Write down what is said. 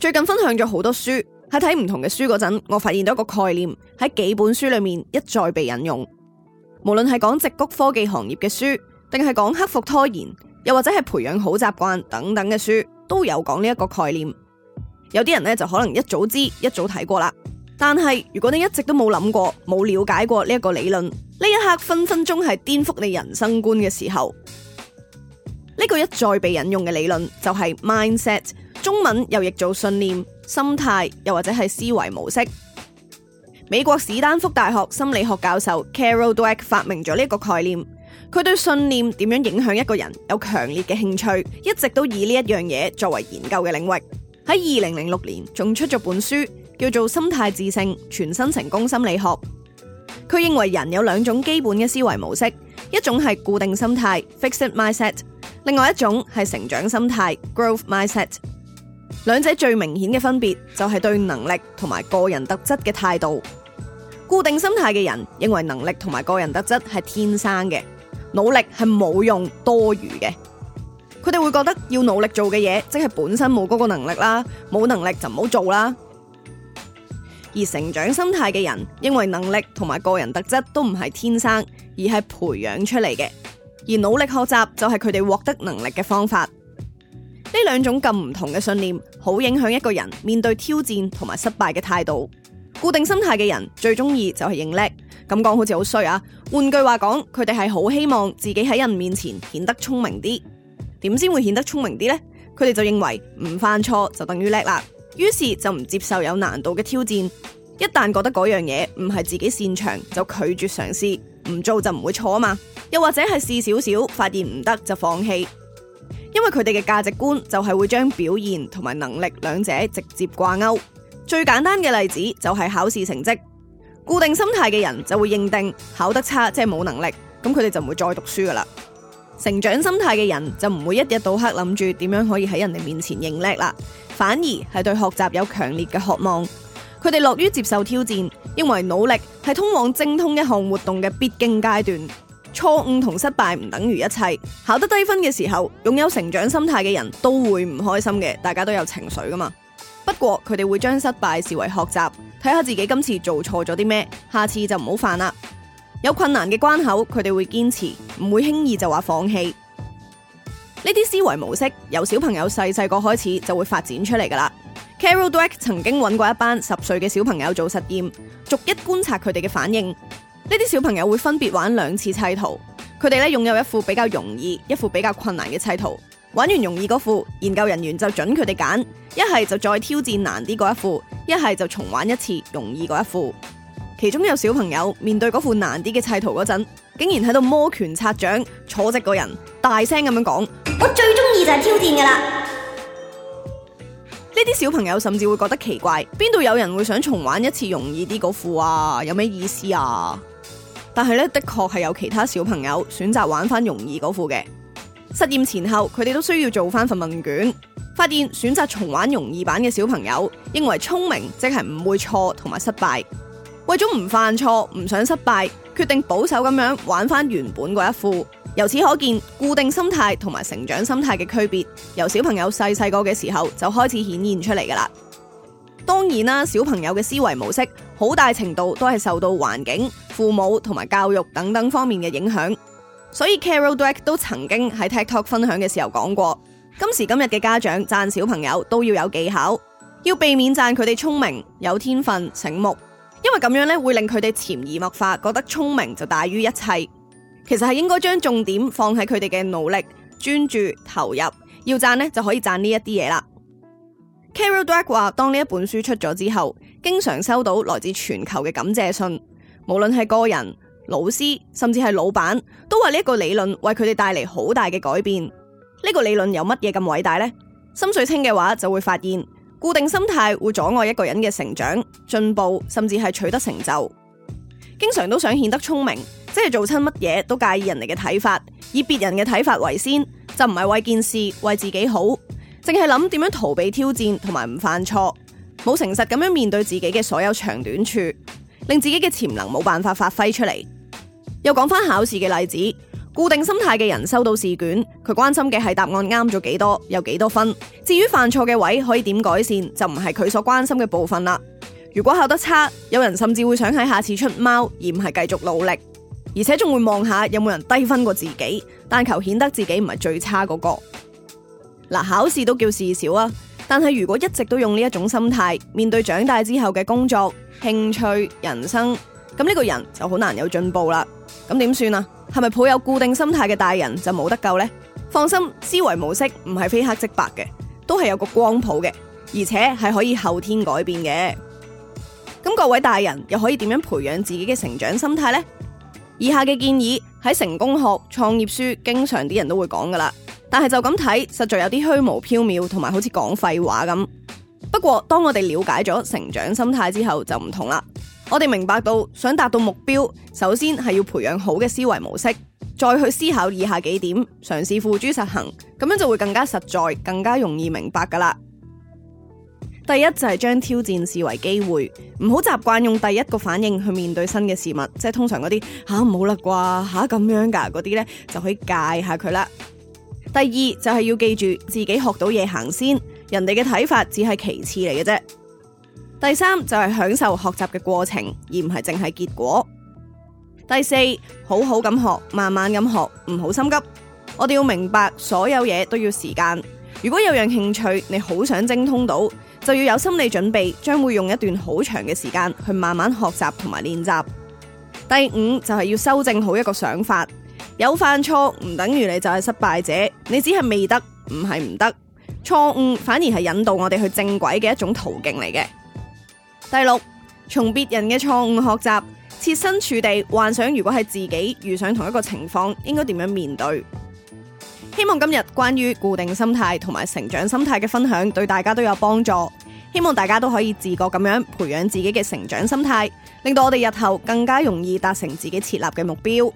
最近分享咗好多書，喺睇唔同嘅書嗰陣，我發現到一個概念喺幾本書裏面一再被引用。無論係講矽谷科技行業嘅書，定係講克服拖延，又或者係培養好習慣等等嘅書，都有講呢一個概念。有啲人咧就可能一早知一早睇過啦，但係如果你一直都冇諗過冇了解過呢一個理論，呢一刻分分鐘係顛覆你人生觀嘅時候。呢個一再被引用嘅理論就係 mindset。中文又譯做信念、心態，又或者係思維模式。美國史丹福大學心理學教授 Carol Dweck 發明咗呢個概念。佢對信念點樣影響一個人有強烈嘅興趣，一直都以呢一樣嘢作為研究嘅領域。喺二零零六年仲出咗本書，叫做《心態致勝：全新成功心理學》。佢認為人有兩種基本嘅思維模式，一種係固定心態 （fixed mindset），另外一種係成長心態 （growth mindset）。兩者最明顯嘅分別就係對能力同埋個人特質嘅態度。固定心態嘅人認為能力同埋個人特質係天生嘅，努力係冇用，多餘嘅。佢哋會覺得要努力做嘅嘢，即係本身冇嗰個能力啦，冇能力就唔好做啦。而成長心態嘅人認為能力同埋個人特質都唔係天生，而係培養出嚟嘅，而努力學習就係佢哋獲得能力嘅方法。呢兩種咁唔同嘅信念，好影響一個人面對挑戰同埋失敗嘅態度。固定心態嘅人最中意就係認叻，咁講好似好衰啊。換句話講，佢哋係好希望自己喺人面前顯得聰明啲，點先會顯得聰明啲呢？佢哋就認為唔犯錯就等於叻啦，於是就唔接受有難度嘅挑戰。一旦覺得嗰樣嘢唔係自己擅長，就拒絕嘗試，唔做就唔會錯啊嘛。又或者係試少少，發現唔得就放棄。因為佢哋嘅價值觀就係會將表現同埋能力兩者直接掛鈎。最簡單嘅例子就係考試成績。固定心態嘅人就會認定考得差即係冇能力，咁佢哋就唔會再讀書噶啦。成長心態嘅人就唔會一日到黑諗住點樣可以喺人哋面前認叻啦，反而係對學習有強烈嘅渴望。佢哋樂於接受挑戰，認為努力係通往精通一項活動嘅必經階段。錯誤同失敗唔等於一切。考得低分嘅時候，擁有成長心態嘅人都會唔開心嘅，大家都有情緒噶嘛。不過佢哋會將失敗視為學習，睇下自己今次做錯咗啲咩，下次就唔好犯啦。有困難嘅關口，佢哋會堅持，唔會輕易就話放棄。呢啲思維模式，由小朋友細細個開始就會發展出嚟噶啦。Carol Dweck 曾經揾過一班十歲嘅小朋友做實驗，逐一觀察佢哋嘅反應。呢啲小朋友會分別玩兩次砌圖，佢哋咧擁有一副比較容易、一副比較困難嘅砌圖。玩完容易嗰副，研究人員就准佢哋揀，一係就再挑戰難啲嗰一副，一係就重玩一次容易嗰一副。其中有小朋友面對嗰副難啲嘅砌圖嗰陣，竟然喺度摩拳擦掌，坐直個人，大聲咁樣講：我最中意就係挑戰噶啦！呢啲小朋友甚至會覺得奇怪，邊度有人會想重玩一次容易啲嗰副啊？有咩意思啊？但係咧，的確係有其他小朋友選擇玩翻容易嗰副嘅。實驗前後，佢哋都需要做翻份問卷，發現選擇重玩容易版嘅小朋友認為聰明即係唔會錯同埋失敗為不。為咗唔犯錯、唔想失敗，決定保守咁樣玩翻原本嗰一副。由此可見，固定心態同埋成長心態嘅區別，由小朋友細細個嘅時候就開始顯現出嚟㗎喇。當然啦，小朋友嘅思維模式。好大程度都係受到環境、父母同埋教育等等方面嘅影響，所以 Carol Dweck 都曾經喺 TikTok 分享嘅時候講過，今時今日嘅家長讚小朋友都要有技巧，要避免讚佢哋聰明、有天分、醒目，因為咁樣咧會令佢哋潛移默化覺得聰明就大於一切。其實係應該將重點放喺佢哋嘅努力、專注、投入，要讚呢就可以讚呢一啲嘢啦。Carol Dweck 話，當呢一本書出咗之後。經常收到來自全球嘅感謝信，無論係個人、老師，甚至係老闆，都話呢一個理論為佢哋帶嚟好大嘅改變。呢、這個理論有乜嘢咁偉大呢？心水清嘅話就會發現，固定心態會阻礙一個人嘅成長、進步，甚至係取得成就。經常都想顯得聰明，即係做親乜嘢都介意人哋嘅睇法，以別人嘅睇法為先，就唔係為件事為自己好，淨係諗點樣逃避挑戰同埋唔犯錯。冇誠實咁樣面對自己嘅所有長短處，令自己嘅潛能冇辦法發揮出嚟。又講翻考試嘅例子，固定心態嘅人收到試卷，佢關心嘅係答案啱咗幾多，有幾多分。至於犯錯嘅位可以點改善，就唔係佢所關心嘅部分啦。如果考得差，有人甚至會想喺下次出貓，而唔係繼續努力，而且仲會望下有冇人低分過自己，但求顯得自己唔係最差嗰個。嗱，考試都叫事小啊。但係如果一直都用呢一種心態面對長大之後嘅工作、興趣、人生，咁呢個人就好難有進步啦。咁點算啊？係咪抱有固定心態嘅大人就冇得救呢？放心，思維模式唔係非黑即白嘅，都係有個光譜嘅，而且係可以後天改變嘅。咁各位大人又可以點樣培養自己嘅成長心態呢？以下嘅建議喺成功學、創業書經常啲人都會講噶啦。但係就咁睇，實在有啲虛無縹緲，同埋好似講廢話咁。不過當我哋了解咗成長心態之後，就唔同啦。我哋明白到想達到目標，首先係要培養好嘅思維模式，再去思考以下幾點，嘗試付諸實行，咁樣就會更加實在，更加容易明白噶啦。第一就係、是、將挑戰視為機會，唔好習慣用第一個反應去面對新嘅事物，即係通常嗰啲吓，唔好啦啩，吓咁樣噶嗰啲呢，就可以戒下佢啦。第二就係要記住自己學到嘢，行先。人哋嘅睇法只係其次嚟嘅啫。第三就係享受學習嘅過程，而唔係淨係結果。第四，好好咁學，慢慢咁學，唔好心急。我哋要明白所有嘢都要時間。如果有樣興趣你好想精通到，就要有心理準備，將會用一段好長嘅時間去慢慢學習同埋練習。第五就係要修正好一個想法。有犯錯唔等於你就係失敗者，你只係未得，唔係唔得。錯誤反而係引導我哋去正軌嘅一種途徑嚟嘅。第六，從別人嘅錯誤學習，設身處地幻想如果係自己遇上同一個情況，應該點樣面對。希望今日關於固定心態同埋成長心態嘅分享對大家都有幫助，希望大家都可以自覺咁樣培養自己嘅成長心態，令到我哋日後更加容易達成自己設立嘅目標。